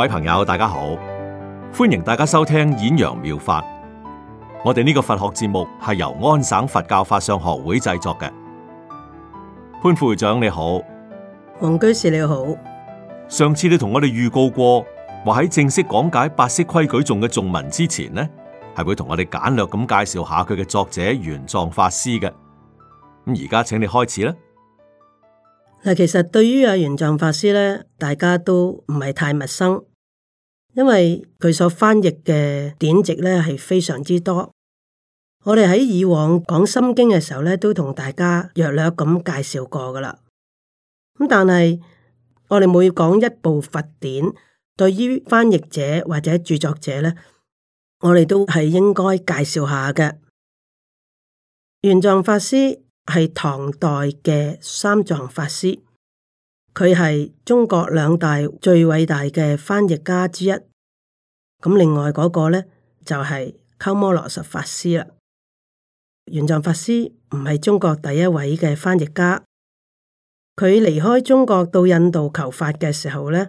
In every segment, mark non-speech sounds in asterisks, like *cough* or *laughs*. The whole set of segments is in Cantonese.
各位朋友，大家好，歡迎大家收聽《演陽妙法》。我哋呢個佛學節目係由安省佛教法上學會製作嘅。潘副會長你好，黃居士你好。上次你同我哋預告過，話喺正式講解《八識規矩》頌嘅頌文之前呢，係會同我哋簡略咁介紹下佢嘅作者玄奘法師嘅。咁而家請你開始啦。嗱，其實對於阿玄奘法師咧，大家都唔係太陌生。因為佢所翻譯嘅典籍，呢係非常之多，我哋喺以往講心經嘅時候呢，都同大家略略咁介紹過噶啦。咁但係我哋每講一部佛典，對於翻譯者或者著作者呢，我哋都係應該介紹下嘅。玄奘法師係唐代嘅三藏法師。佢係中國兩大最偉大嘅翻譯家之一，咁另外嗰個呢，就係鳩摩羅什法師啦。玄奘法師唔係中國第一位嘅翻譯家，佢離開中國到印度求法嘅時候呢，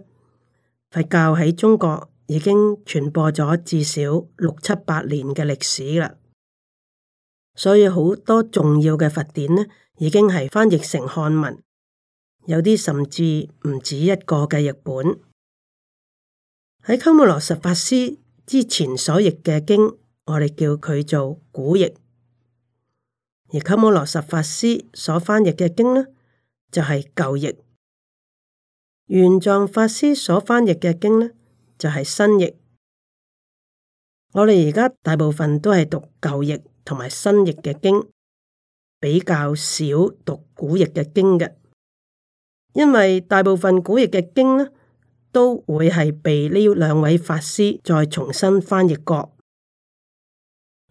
佛教喺中國已經傳播咗至少六七百年嘅歷史啦，所以好多重要嘅佛典呢，已經係翻譯成漢文。有啲甚至唔止一個嘅譯本，喺鳩摩羅什法師之前所譯嘅經，我哋叫佢做古譯；而鳩摩羅什法師所翻譯嘅經呢，就係舊譯。玄奘法師所翻譯嘅經呢，就係新譯。我哋而家大部分都係讀舊譯同埋新譯嘅經，比較少讀古譯嘅經嘅。因為大部分古譯嘅經咧，都會係被呢兩位法師再重新翻譯過。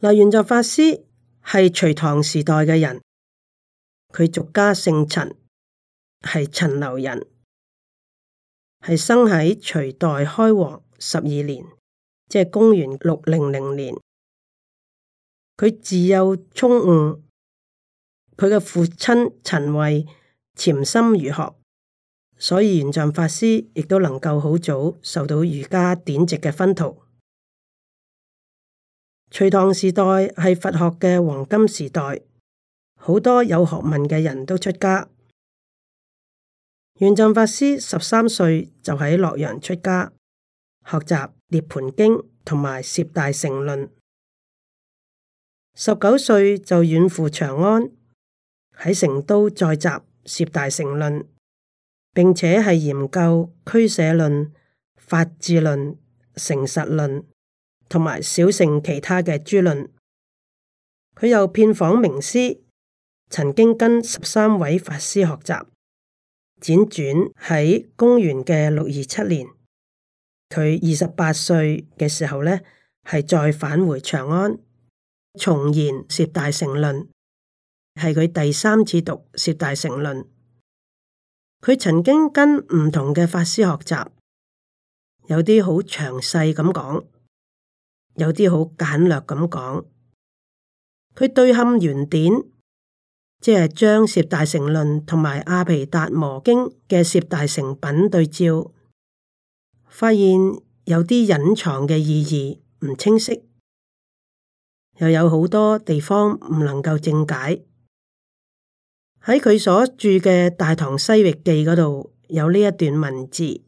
嗱，玄奘法師係隋唐時代嘅人，佢俗家姓陳，係陳留人，係生喺隋代開皇十二年，即係公元六零零年。佢自幼聰悟，佢嘅父親陳慧潛心儒學。所以玄奘法師亦都能夠好早受到瑜伽典籍嘅熏陶。隋唐時代係佛學嘅黃金時代，好多有學問嘅人都出家。玄奘法師十三歲就喺洛陽出家，學習《涅槃經》同埋《攝大乘論》，十九歲就遠赴長安，喺成都再習《攝大乘論》。並且係研究俱舍論、法治論、成實論同埋小乘其他嘅諸論。佢又遍訪名師，曾經跟十三位法師學習。輾轉喺公元嘅六二七年，佢二十八歲嘅時候呢，係再返回長安，重研攝大乘論，係佢第三次讀攝大乘論。佢曾經跟唔同嘅法師學習，有啲好詳細咁講，有啲好簡略咁講。佢對勘原典，即係將《攝大乘論》同埋《阿毗達磨經》嘅《攝大乘品》對照，發現有啲隱藏嘅意義唔清晰，又有好多地方唔能夠正解。喺佢所著嘅《大唐西域記》嗰度有呢一段文字，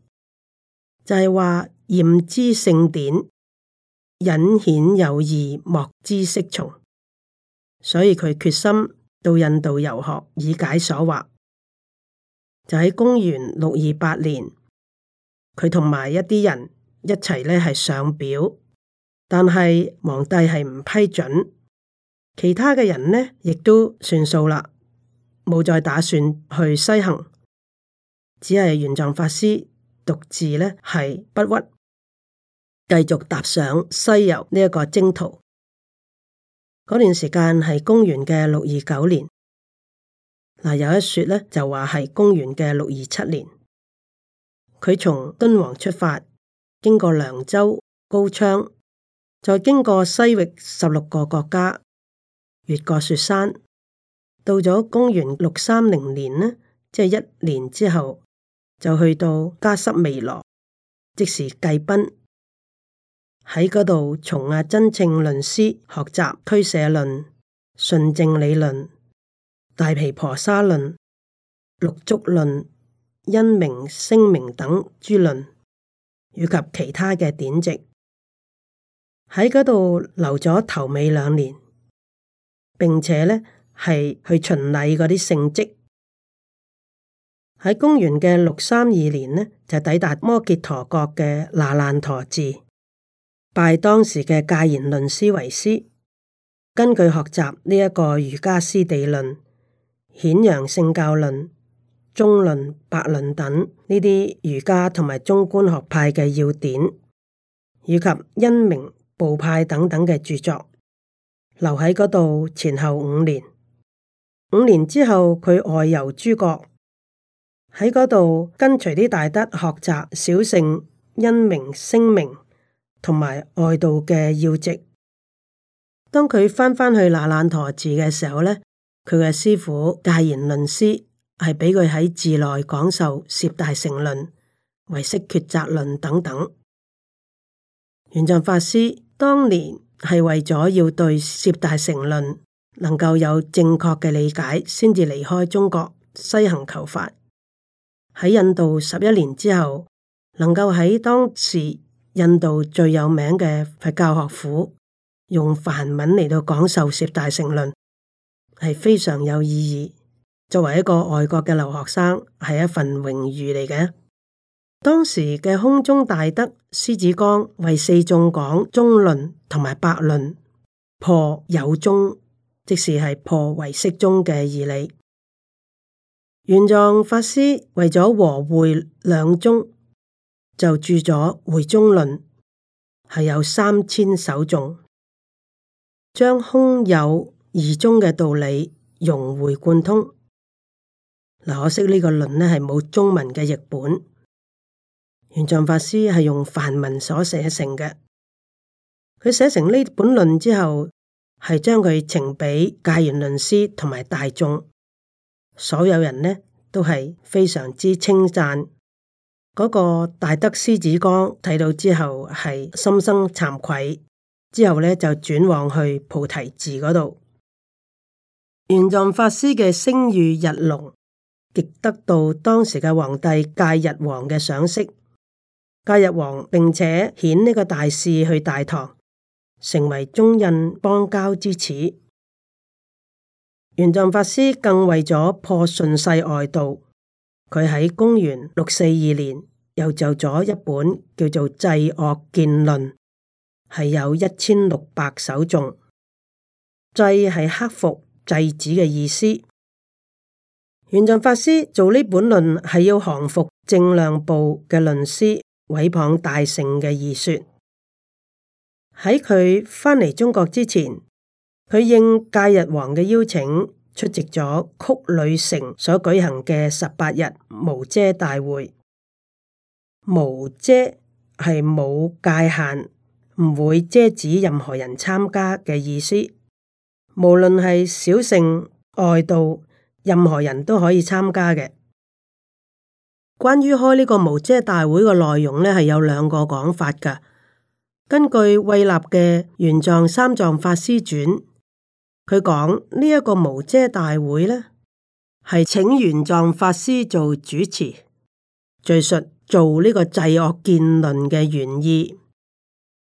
就係話驗之聖典，隱顯有異，莫知適從。所以佢決心到印度遊學以解所惑。就喺公元六二八年，佢同埋一啲人一齊呢係上表，但係皇帝係唔批准，其他嘅人呢亦都算數啦。冇再打算去西行，只係玄奘法師獨自呢係不屈，繼續踏上西遊呢一個征途。嗰段時間係公元嘅六二九年，嗱有一說呢，就話係公元嘅六二七年。佢從敦煌出發，經過涼州、高昌，再經過西域十六個國家，越過雪山。到咗公元六三零年呢，即係一年之後，就去到加濕未落，即時祭賓喺嗰度從阿真慶論師學習驅舍論、信正理論、大毗婆沙論、六足論、因明、聲明等諸論，以及其他嘅典籍，喺嗰度留咗頭尾兩年，並且呢。係去巡禮嗰啲聖跡，喺公元嘅六三二年呢，就抵達摩揭陀國嘅那蘭陀寺，拜當時嘅戒賢論師為師，根據學習呢一個瑜伽師地論、顯揚聖教論、中論、百論等呢啲瑜伽同埋中觀學派嘅要點，以及因明部派等等嘅著作，留喺嗰度前後五年。五年之後，佢外遊諸國，喺嗰度跟隨啲大德學習小乘、因明、聲明同埋外道嘅要籍。當佢返返去那爛陀寺嘅時候咧，佢嘅師父戒賢論師係畀佢喺寺內講授攝大乘論、唯識抉擇論等等。玄奘法師當年係為咗要對攝大乘論。能夠有正確嘅理解，先至離開中國西行求法。喺印度十一年之後，能夠喺當時印度最有名嘅佛教學府，用梵文嚟到講授《攝大乘論》，係非常有意義。作為一個外國嘅留學生，係一份榮譽嚟嘅。當時嘅空中大德獅子光為四眾講中論同埋百論破有宗。即使係破為釋宗嘅義理，玄奘法師為咗和會兩宗，就注咗會宗論，係有三千首頌，將空有二宗嘅道理融會貫通。嗱，可惜呢個論咧係冇中文嘅譯本，玄奘法師係用梵文所寫成嘅，佢寫成呢本論之後。係將佢呈俾戒賢論師同埋大眾，所有人呢都係非常之稱讚。嗰、那個大德師子光睇到之後係心生慚愧，之後呢就轉往去菩提寺嗰度。玄奘法師嘅聲譽日隆，極得到當時嘅皇帝戒日王嘅賞識，戒日王並且遣呢個大使去大唐。成為中印邦交之始。玄奘法師更為咗破順世外道，佢喺公元六四二年又就咗一本叫做《制惡見論》，係有一千六百首頌。制係克服制止嘅意思。玄奘法師做呢本論係要降服正量部嘅論師毀謗大乘嘅義說。喺佢返嚟中國之前，佢應戒日王嘅邀請出席咗曲女城所舉行嘅十八日無遮大會。無遮係冇界限，唔會遮止任何人參加嘅意思。無論係小乘外道，任何人都可以參加嘅。關於開呢個無遮大會嘅內容呢，係有兩個講法噶。根據慧立嘅《玄奘三藏法師傳》，佢講呢一個無遮大會呢，係請玄奘法師做主持，敘述做呢個制惡見論嘅原意，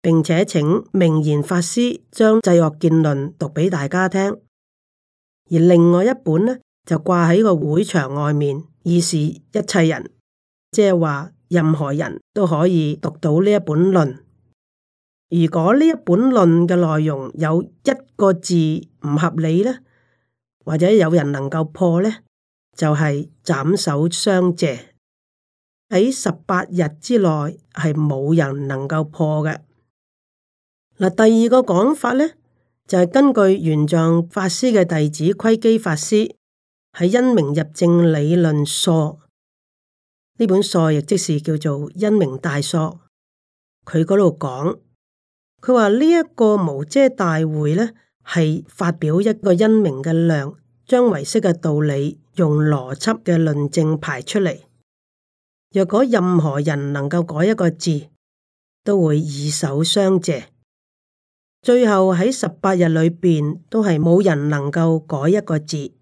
並且請明賢法師將制惡見論讀畀大家聽，而另外一本呢就掛喺個會場外面，以示一切人，即係話任何人都可以讀到呢一本論。如果呢一本論嘅內容有一個字唔合理呢，或者有人能夠破呢，就係、是、斬首相謝。喺十八日之內係冇人能夠破嘅。嗱，第二個講法呢，就係、是、根據玄奘法師嘅弟子窺基法師喺《因明入正理論疏》呢本疏，亦即是叫做《因明大疏》，佢嗰度講。佢話：呢一個無遮大會咧，係發表一個因明嘅量，將唯識嘅道理用邏輯嘅論證排出嚟。若果任何人能夠改一個字，都會以首相謝。最後喺十八日裏邊都係冇人能夠改一個字。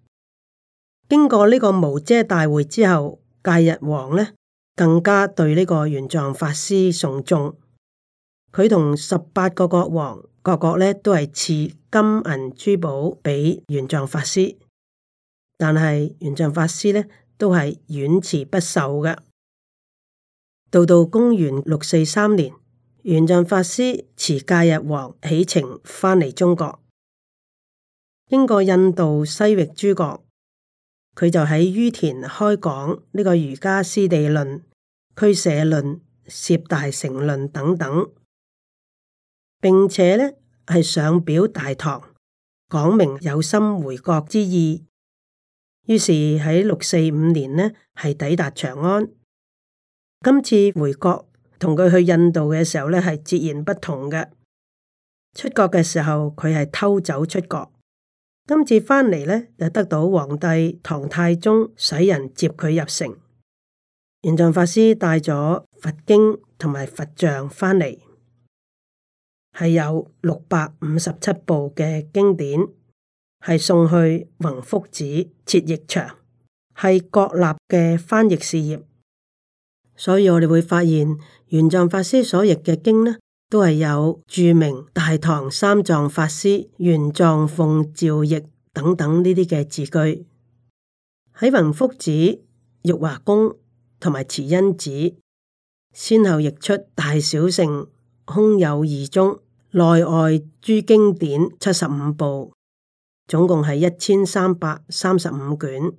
經過呢個無遮大會之後，戒日王咧更加對呢個玄奘法師崇重。佢同十八個國王各國呢都係賜金銀珠寶畀玄奘法師，但係玄奘法師呢都係婉辭不受嘅。到到公元六四三年，玄奘法師辭戒日王起程，返嚟中國，經過印度西域諸國，佢就喺于闐開講呢、這個《瑜伽師地論》《俱舍論》《攝大乘論》等等。並且呢係上表大唐，講明有心回國之意。於是喺六四五年呢係抵達長安。今次回國同佢去印度嘅時候呢係截然不同嘅。出國嘅時候佢係偷走出國，今次返嚟呢，就得到皇帝唐太宗使人接佢入城。玄奘法師帶咗佛經同埋佛像返嚟。係有六百五十七部嘅經典，係送去弘福寺、設譯場，係國立嘅翻譯事業。所以我哋會發現，玄奘法師所譯嘅經呢，都係有著名大唐三藏法師玄奘奉詔譯等等呢啲嘅字句。喺弘福寺、玉華宮同埋慈恩寺，先後譯出大小乘空有二宗。內外諸經典七十五部，總共係一千三百三十五卷。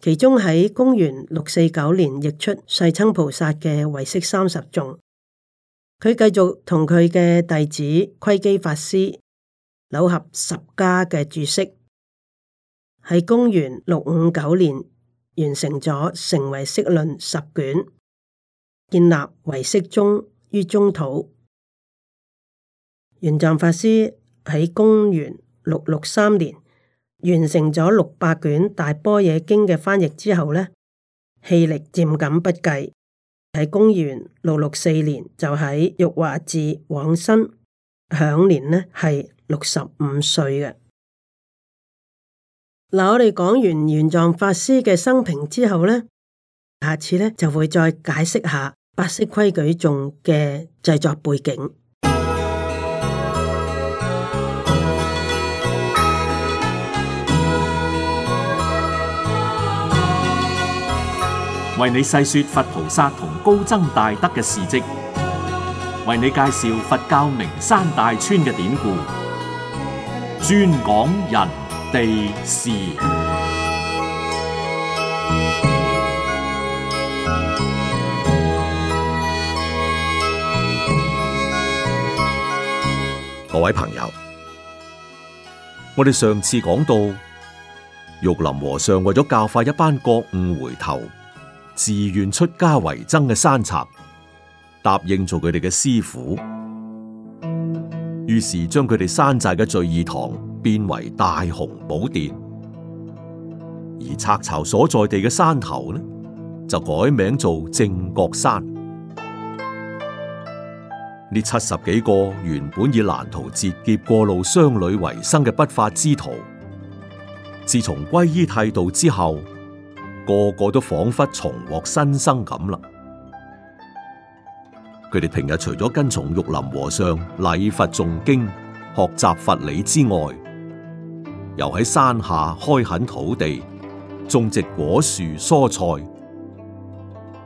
其中喺公元六四九年譯出世親菩薩嘅《唯識三十頌》。佢繼續同佢嘅弟子窺基法師，糅合十家嘅注釋，喺公元六五九年完成咗《成唯識論》十卷，建立唯識宗於中土。玄奘法師喺公元六六三年完成咗六百卷大般若經嘅翻譯之後呢，氣力漸感不濟，喺公元六六四年就喺玉華寺往生，享年呢係六十五歲嘅。嗱，我哋講完玄奘法師嘅生平之後呢，下次呢就會再解釋下八識規矩頌嘅製作背景。為你細說佛菩薩同高僧大德嘅事蹟，為你介紹佛教名山大川嘅典故，專講人地事。各位朋友，我哋上次講到，玉林和尚為咗教化一班覺悟回頭，自願出家為僧嘅山賊，答應做佢哋嘅師傅，於是將佢哋山寨嘅聚義堂變為大雄寶殿，而賊巢所在地嘅山頭呢，就改名做正國山。呢七十幾個原本以攔途截劫，過路商旅為生嘅不法之徒，自從皈依太度之後，個個都仿佛重獲新生咁啦！佢哋平日除咗跟從玉林和尚禮佛誦經、學習佛理之外，又喺山下開墾土地、種植果樹、蔬菜，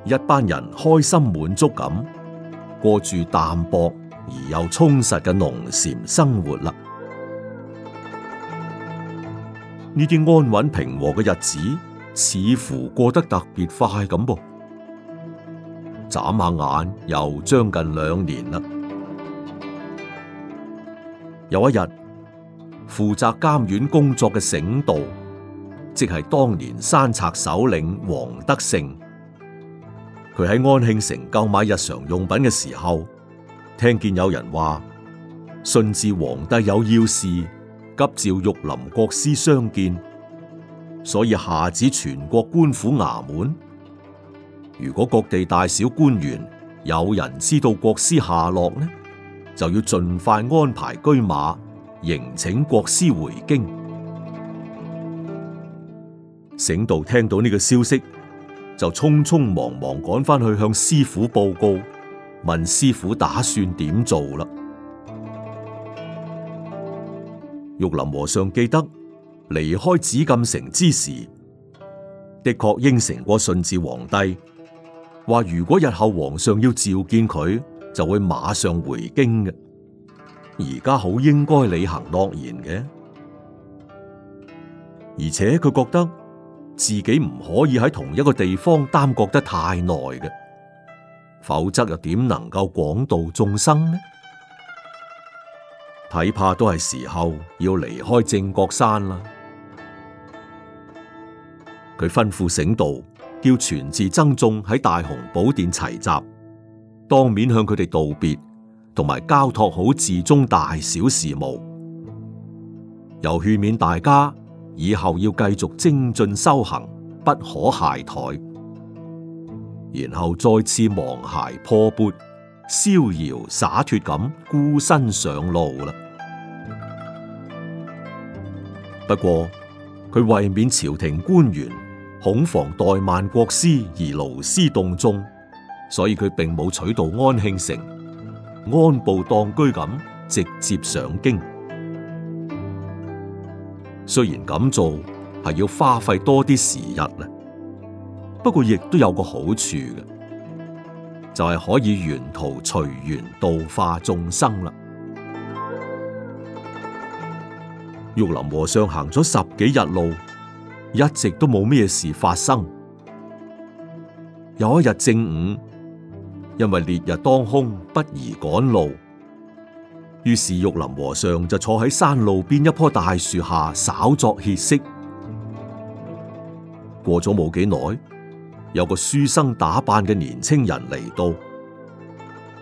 一班人開心滿足咁過住淡薄而又充實嘅農禪生活啦！呢啲安穩平和嘅日子。似乎過得特別快咁噃，眨下眼又將近兩年啦。有一日，負責監院工作嘅省道，即係當年山賊首領黃德勝，佢喺安慶城購買日常用品嘅時候，聽見有人話順治皇帝有要事急召玉林國師相見。所以下旨全國官府衙門，如果各地大小官員有人知道國師下落呢，就要盡快安排車馬迎請國師回京。醒道聽到呢個消息，就匆匆忙忙趕翻去向師傅報告，問師傅打算點做啦。玉林和尚記得。離開紫禁城之時，的確應承過順治皇帝，話如果日後皇上要召見佢，就會馬上回京嘅。而家好應該履行諾言嘅，而且佢覺得自己唔可以喺同一個地方耽擱得太耐嘅，否則又點能夠廣度眾生呢？睇怕都係時候要離開正國山啦。佢吩咐醒道，叫全寺僧眾喺大雄寶殿齊集，當面向佢哋道別，同埋交託好寺中大小事務，又勸勉大家以後要繼續精進修行，不可懈怠。然後再次芒鞋破缽，逍遙灑脫咁孤身上路啦。不過佢為免朝廷官員。恐防怠慢國師而勞師動眾，所以佢並冇取道安慶城，安步當居，咁直接上京。雖然咁做係要花費多啲時日啦，不過亦都有個好處嘅，就係可以沿途隨緣度化眾生啦。玉林和尚行咗十幾日路。一直都冇咩事發生。有一日正午，因為烈日當空，不宜趕路，於是玉林和尚就坐喺山路邊一棵大樹下稍作歇息。過咗冇幾耐，有個書生打扮嘅年青人嚟到，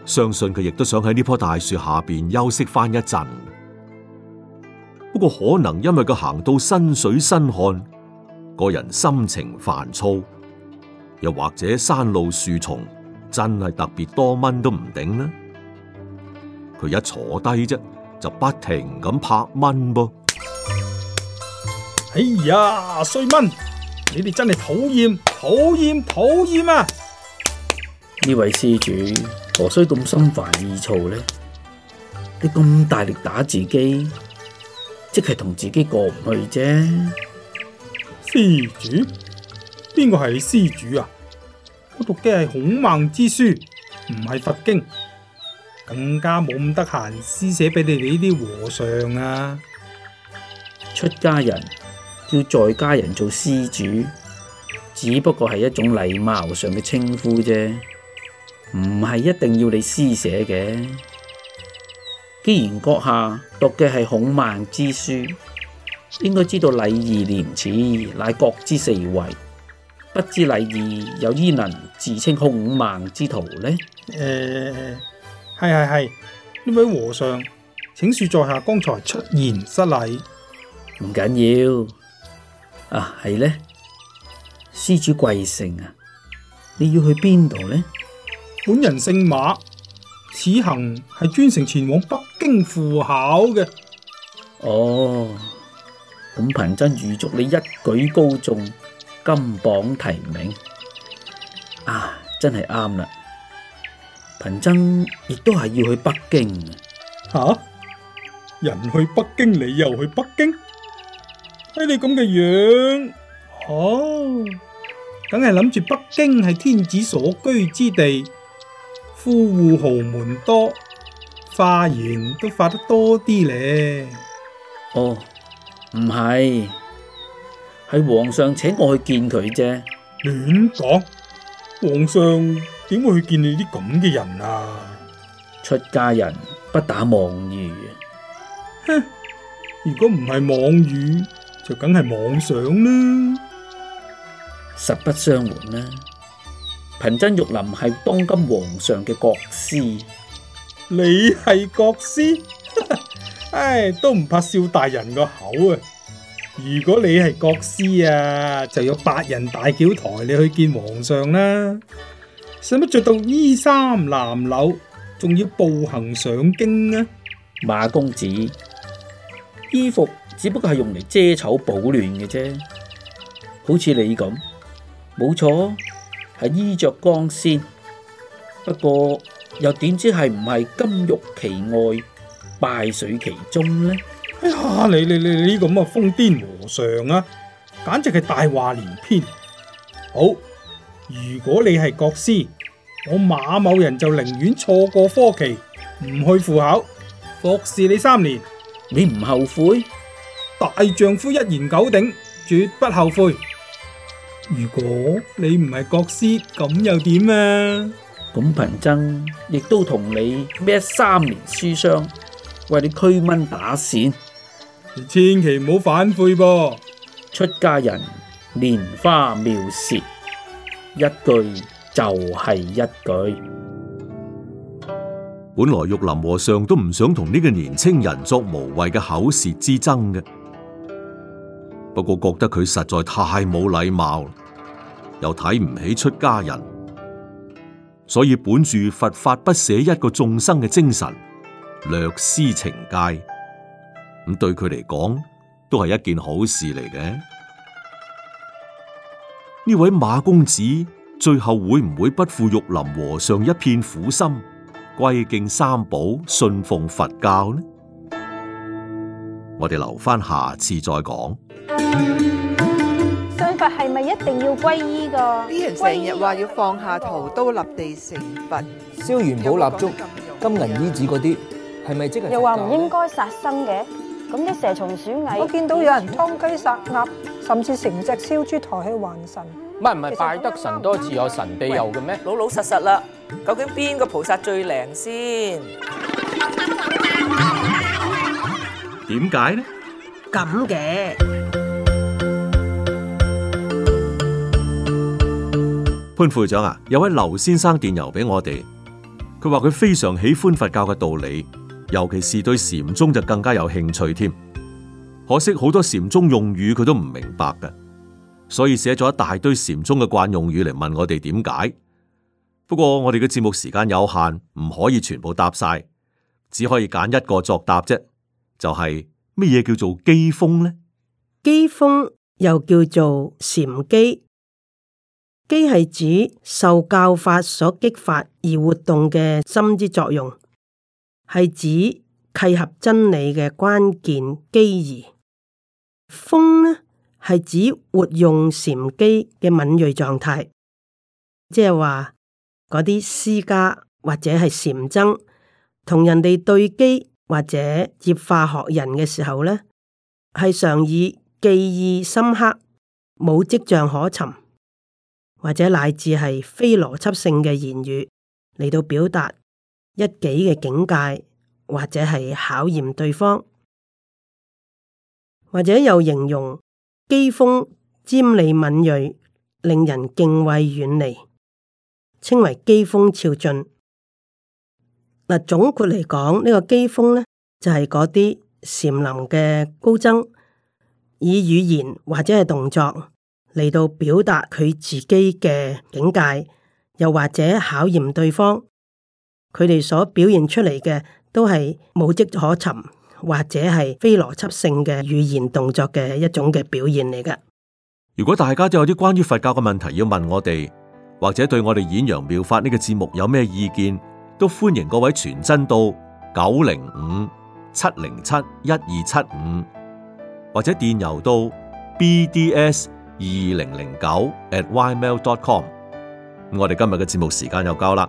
相信佢亦都想喺呢棵大樹下邊休息返一陣。不過可能因為佢行到身水身汗。個人心情煩躁，又或者山路樹叢真係特別多蚊都唔頂呢。佢一坐低啫，就不停咁拍蚊噃。哎呀，衰蚊，蚊！你哋真係討厭、討厭、討厭啊！呢位施主何須咁心煩意躁呢？你咁大力打自己，即係同自己過唔去啫。施主？邊個係你施主啊？我讀嘅係孔孟之書，唔係佛經，更加冇咁得閒施捨俾你哋呢啲和尚啊！出家人叫在家人做施主，只不過係一種禮貌上嘅稱呼啫，唔係一定要你施捨嘅。既然閣下讀嘅係孔孟之書，應該知道禮義廉恥乃國之四維，不知禮義，有依能自稱孔孟之徒呢？誒、呃，係係係，呢位和尚，請恕在下剛才出言失禮。唔緊要啊，係呢？施主貴姓啊？你要去邊度呢？本人姓馬，此行係專程前往北京赴考嘅。哦。咁貧僧預祝你一舉高中，金榜題名啊！真係啱啦，貧僧亦都係要去北京。吓，人去北京，你又去北京？睇你咁嘅樣，哦，梗係諗住北京係天子所居之地，富戶豪門多，化緣都化得多啲咧。哦。唔係，係皇上請我去見佢啫。亂講！皇上點會去見你啲咁嘅人啊？出家人不打妄語。哼！如果唔係妄語，就梗係妄想啦。實不相瞞啦、啊，貧僧玉林係當今皇上嘅國師。你係國師？ *laughs* 唉，都唔怕少大人個口啊！如果你係國師啊，就有八人大轎抬你去見皇上啦。使乜着到衣衫襤褸，仲要步行上京呢？馬公子，衣服只不過係用嚟遮醜保暖嘅啫，好似你咁，冇錯，係衣着光鮮。不過又點知係唔係金玉其外？拜水其中呢，哎呀，你你你你呢個咁嘅瘋癲和尚啊，簡直係大話連篇。好，如果你係國師，我馬某人就寧願錯過科期，唔去赴考，服侍你三年，你唔後悔？大丈夫一言九鼎，絕不後悔。如果你唔係國師，咁又點啊？咁貧僧亦都同你咩三年書商。喂，為你驅蚊打扇，千祈唔好反悔噃！出家人蓮花妙舌，一句就係一句。本來玉林和尚都唔想同呢個年青人作無謂嘅口舌之爭嘅，不過覺得佢實在太冇禮貌，又睇唔起出家人，所以本住佛法不捨一個眾生嘅精神，略施懲戒，咁對佢嚟講都係一件好事嚟嘅。呢位馬公子最後會唔會不負玉林和尚一片苦心，歸敬三寶，信奉佛教呢？我哋留翻，下次再講。信佛係咪一定要皈依噶？啲人成日話要放下屠刀立地成佛，燒元寶、蠟燭、金銀衣紙嗰啲。係咪即係？又話唔應該殺生嘅，咁啲蛇蟲鼠蟻，我見到有人劏雞殺鴨，甚至成隻燒豬抬去還神。唔係唔係，拜得神多自有神庇佑嘅咩？老老實實啦，究竟邊個菩薩最靈先？點解呢？咁嘅潘副長啊，有位劉先生電郵俾我哋，佢話佢非常喜歡佛教嘅道理。尤其是對禪宗就更加有興趣添，可惜好多禪宗用語佢都唔明白㗎，所以寫咗一大堆禪宗嘅慣用語嚟問我哋點解。不過我哋嘅節目時間有限，唔可以全部答晒，只可以揀一個作答啫。就係乜嘢叫做機鋒呢？機鋒又叫做禪機，機係指受教法所激發而活動嘅心之作用。係指契合真理嘅關鍵機宜。鋒呢，係指活用禪機嘅敏銳狀態，即係話嗰啲師家或者係禪僧同人哋對機或者接化學人嘅時候呢，係常以記憶深刻、冇跡象可尋，或者乃至係非邏輯性嘅言語嚟到表達。一己嘅境界，或者係考驗對方，或者又形容機鋒尖利敏銳，令人敬畏遠離，稱為機鋒峭峻。嗱，總括嚟講，這個、呢個機鋒咧，就係嗰啲禪林嘅高僧，以語言或者係動作嚟到表達佢自己嘅境界，又或者考驗對方。佢哋所表現出嚟嘅都係冇跡可尋，或者係非邏輯性嘅語言動作嘅一種嘅表現嚟噶。如果大家都有啲關於佛教嘅問題要問我哋，或者對我哋演揚妙法呢個節目有咩意見，都歡迎各位傳真到九零五七零七一二七五，75，或者電郵到 bds 二零零九 at ymail.com。我哋今日嘅節目時間又夠啦。